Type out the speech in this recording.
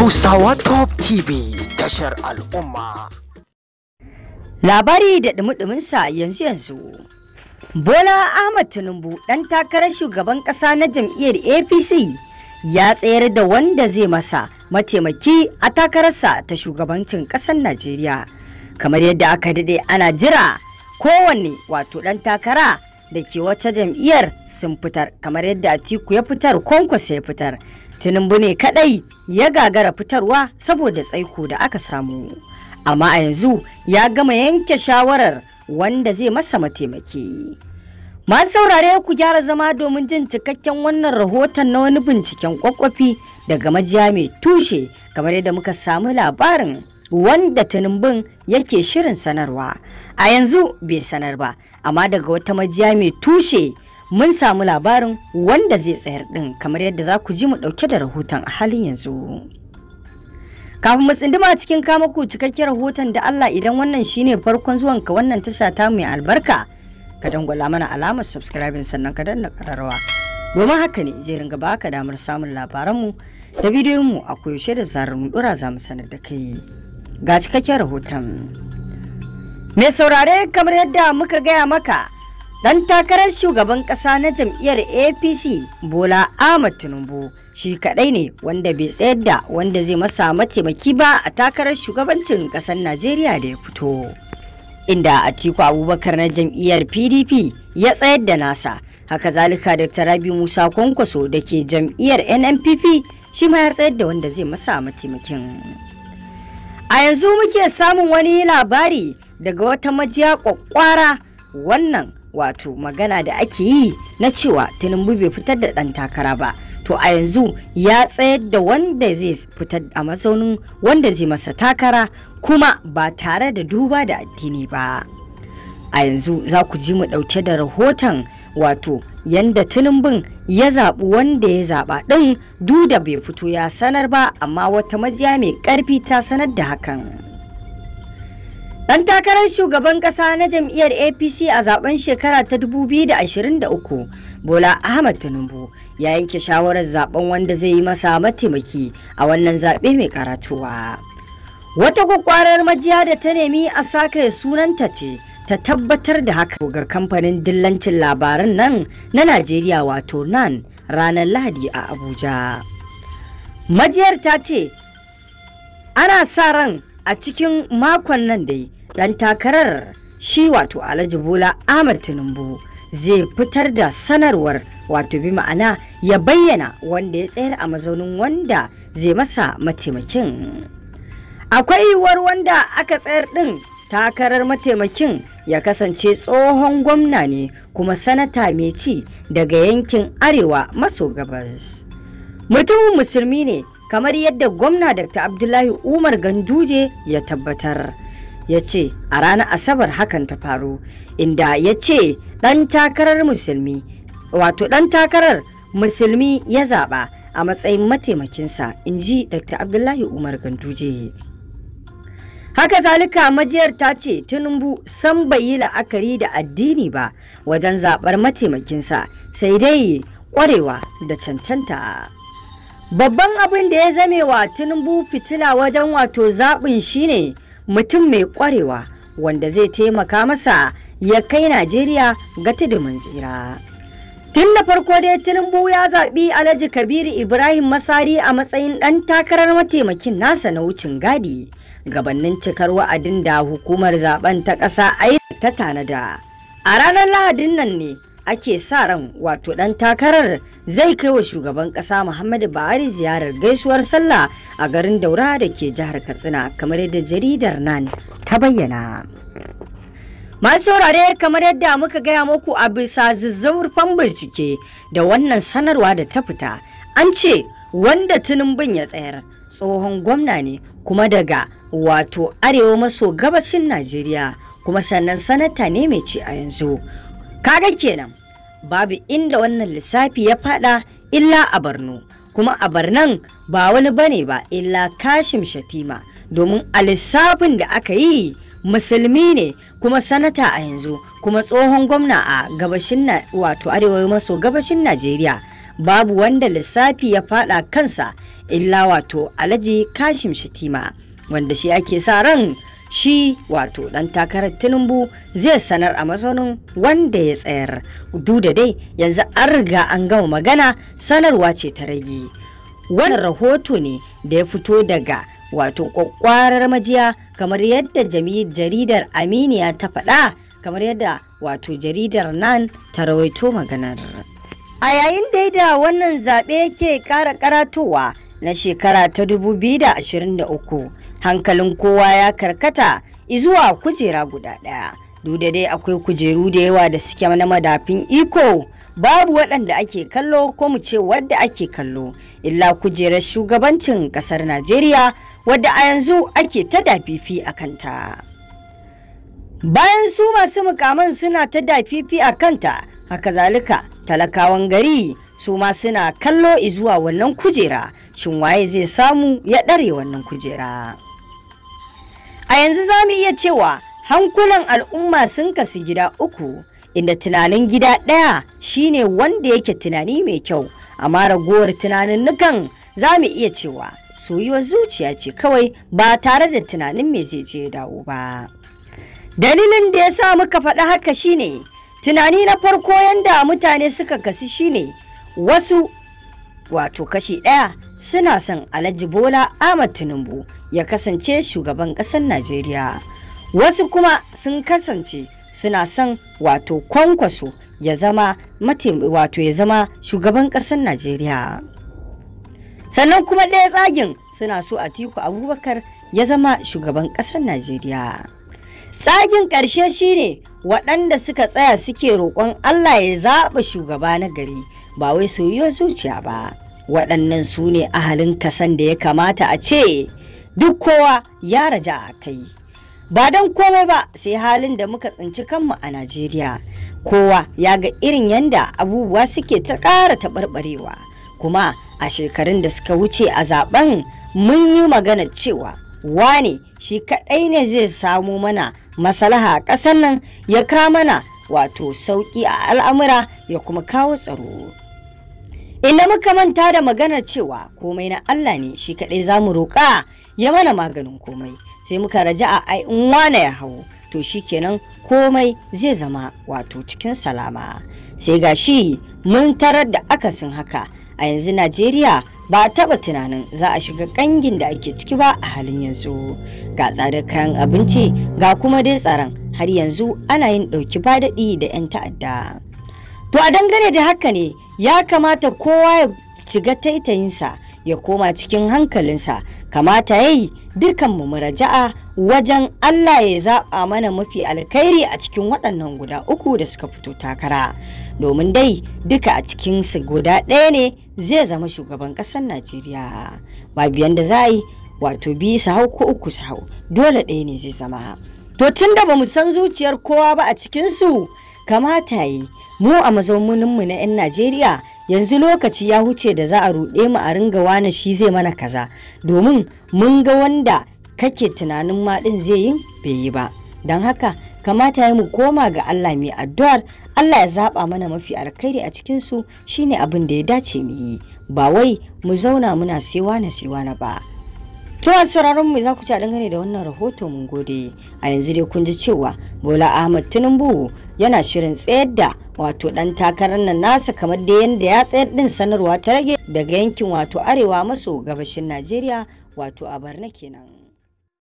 Hausawa Top TV tashar al'umma. Labari da ɗumi sa yanzu-yanzu. Bola Ahmad Tinubu ɗan takarar shugaban ƙasa na jam'iyyar APC ya tsayar da wanda zai masa mataimaki a takararsa ta shugabancin ƙasar Najeriya. Kamar yadda aka dade ana jira kowanne wato ɗan takara da ke wata jam'iyyar sun fitar kamar yadda Atiku ya fitar Kwankwasa ya fitar tinubu ne kadai ya gagara fitarwa saboda tsaiko da aka samu amma a yanzu ya gama yanke shawarar wanda zai masa mataimaki Ma saurare ku gyara zama domin jin cikakken wannan rahoton na wani binciken kwakwafi daga majiya mai tushe kamar yadda muka samu labarin wanda tinubun yake shirin sanarwa a yanzu bai sanar ba amma daga wata majiya mai tushe mun samu labarin wanda zai tsayar din kamar yadda za ku ji mu ɗauke da rahoton a halin yanzu. Kafin mu tsinduma cikin ku cikakken rahoton da Allah idan wannan shine farkon zuwanka wannan tasha ta mai albarka ka dangwala mana alamar subscribing sannan ka danna kararrawa. Domin haka ne zai ringa baka damar samun labaran labaranmu da bidiyonmu a koyaushe da zarar mu dora za mu sanar da kai. Ga cikakken rahoton. Mai saurare kamar yadda muka gaya maka Dan takarar shugaban ƙasa na jam'iyyar APC Bola Ahmad Tinubu shi kaɗai ne wanda bai tsayar da wanda zai masa mataimaki ba a takarar shugabancin ƙasar Najeriya da ya fito. Inda Atiku Abubakar na jam'iyyar PDP ya tsayar da nasa, haka zalika Dr. Rabi Musa Kwankwaso da ke jam'iyyar NNPP shi ma ya tsayar da wanda zai masa mataimakin. A yanzu muke samun wani labari daga wata majiya kwakwara wannan wato magana da ake yi na cewa tinubu bai fitar da ɗan takara ba to a yanzu ya tsayar da wanda zai fitar a matsaunin wanda zai masa takara kuma ba tare da duba da addini ba a yanzu za ku ji mu ɗauke da rahoton wato yanda tinumbun ya zaɓi wanda ya zaɓa ɗin duda bai fito ya sanar ba amma wata majiya mai ƙarfi ta sanar da hakan. Ɗan takarar shugaban ƙasa na jam'iyyar APC a zaben shekara ta 2023, Bola Ahmad Tinubu ya yanke shawarar zaben wanda zai yi masa mataimaki a wannan zaɓe mai karatuwa. Wata kwakwarar majiya da ta nemi a sake sunanta ce ta tabbatar da haka ga kamfanin dillancin labaran nan na Najeriya wato nan ranar Lahadi a Abuja. Majiyar ta ce, ana sa ran a cikin makon nan dai dan takarar shi wato alhaji bola ahmad tinubu zai fitar da sanarwar wato bi ma'ana ya bayyana wanda ya tsayar a mazaunin wanda zai masa mataimakin akwai yiwuwar wanda aka tsayar din takarar mataimakin ya kasance tsohon gwamna ne kuma sanata mai ci daga yankin arewa maso gabas mutumin musulmi ne kamar yadda gwamna dr abdullahi umar ganduje ya tabbatar ya ce a ranar asabar hakan ta faru inda ya ce ɗan takarar musulmi wato ɗan takarar musulmi ya zaɓa a matsayin mataimakinsa in ji dr abdullahi umar ganduje haka zalika majiyar ta ce tinubu san bai yi la'akari da addini ba wajen zaɓar mataimakinsa sai dai ƙwarewa da cancanta babban abin da ya zame wa tinubu fitila wajen wato zaɓin shine mutum mai ƙwarewa wanda zai taimaka masa ya kai Najeriya ga tudumin tsira. Tun da farko dai Tinubu ya zaɓi Alhaji Kabiru Ibrahim Masari a matsayin ɗan takarar mataimakin nasa na wucin gadi gabanin cikar wa'adin da hukumar zaben ta ƙasa ai ta tanada. A ranar Lahadin nan ne ake sa ran wato ɗan takarar zai kai wa shugaban ƙasa Muhammadu Buhari ziyarar gaisuwar sallah a garin Daura da ke jihar Katsina kamar yadda jaridar nan ta bayyana. Masu saurare kamar yadda muka gaya muku a bisa zazzurfan bincike da wannan sanarwa da ta fita an ce wanda tunin bin ya tsayar tsohon gwamna ne kuma daga wato arewa maso gabashin Najeriya kuma sannan sanata ne mai ci a yanzu. kaga kenan babu inda wannan lissafi ya fada illa a barno kuma a Barnan ba wani bane ba illa Kashim Shatima domin a lissafin da aka yi musulmi ne kuma sanata a yanzu kuma tsohon gwamna a gabashin wato arewa maso gabashin Najeriya babu wanda lissafi ya fada kansa illa wato Alhaji Kashim Shatima wanda shi ake sa ran shi wato dan takarar tinubu zai sanar a mazaunin wanda ya tsayar du da dai yanzu an riga an gama magana sanarwa ce ta rage wannan rahoto ne da ya fito daga wato kwakwarar majiya kamar yadda jaridar aminiya ta faɗa kamar yadda wato jaridar nan ta rawaito maganar a yayin da da wannan zaɓe yake ƙara karatowa na shekara ta 2023 hankalin kowa ya karkata izuwa kujera guda ɗaya duk da dai akwai kujeru da yawa da suke na madafin iko babu waɗanda ake kallo ko mu ce wadda ake kallo illa kujerar shugabancin ƙasar najeriya wadda a yanzu ake ta dafifi a kanta bayan su masu mukaman suna ta dafifi a kanta haka zalika talakawan gari su ma suna kallo izuwa wannan kujera shin waye zai samu ya ɗare wannan kujera. A yanzu za mu iya cewa hankulan al'umma sun kasu gida uku, inda tunanin gida ɗaya shine wanda yake tunani mai kyau, amma ragowar tunanin nukan za mu iya cewa soyuwar zuciya ce kawai ba tare da tunanin mai zai je dawo ba. Dalilin da ya sa muka faɗi haka shine tunani na farko yanda mutane suka kasu shine wasu wato kashi ɗaya suna son Alhaji Bola Ahmad Tinubu ya kasance shugaban ƙasar Najeriya. Wasu kuma sun kasance suna son wato kwankwaso ya zama wato ya zama shugaban ƙasar Najeriya. Sannan kuma ɗaya tsagin suna so a Atiku Abubakar ya zama shugaban ƙasar Najeriya. Tsagin ƙarshe shine waɗanda suka tsaya suke roƙon Allah ya zaɓa shugaba na gari ba wai soyuwar zuciya ba. Waɗannan su ne ahalin kasan da ya kamata a ce duk kowa ya raja a kai ba don komai ba sai halin da muka tsinci kanmu a najeriya kowa ya ga irin yanda abubuwa suke ta ƙara taɓarɓarewa kuma a shekarun da suka wuce a zaben mun yi magana cewa wane shi kaɗai ne zai samu mana masalaha a ƙasar nan ya ka mana wato sauƙi a al'amura ya kuma kawo tsaro inda muka manta da maganar cewa komai na Allah ne shi kaɗai za mu roƙa ya mana maganin komai sai muka raja'a ai in na ya hau to shikenan komai zai zama wato cikin salama sai gashi mun tarar da akasin haka a yanzu najeriya ba a taba tunanin za a shiga kangin da ake ciki ba a halin yanzu ga tsarin kayan abinci ga kuma dai tsaron har yanzu ana yin ɗauki daɗi da 'yan ta'adda to a dangane da haka ne ya kamata kowa ya shiga taitayinsa ya koma cikin hankalinsa kamata ya yi dukkan mu muraja'a wajen Allah ya zaɓa mana mafi alkhairi a cikin waɗannan guda uku da suka fito takara domin dai duka a cikin su guda ɗaya ne zai zama shugaban ƙasar Najeriya biyan da za a yi wato biyu su hau ko uku su hau dole ɗaya ne zai zama to tun da ba mu san zuciyar kowa ba a cikin su kamata ya yi mu a mazauninmu na 'yan Najeriya yanzu lokaci ya huce da za a ruɗe mu a ringa wane shi zai mana kaza domin mun ga wanda kake tunanin maɗin zai yi bai yi ba don haka kamata ya mu koma ga Allah mai addu'ar Allah ya zaɓa mana mafi alkhairi a cikinsu shine abin da ya dace mu yi ba wai mu zauna muna sewa na sewa na ba. To a sauraron mu za ku ci dangane da wannan rahoto mun gode. A yanzu dai kun ji cewa Bola Ahmad Tinubu yana shirin tsayar da wato dan takarar nan nasa kamar da yadda ya tsayar din sanarwa ta rage daga yankin wato arewa maso gabashin najeriya wato a barna kenan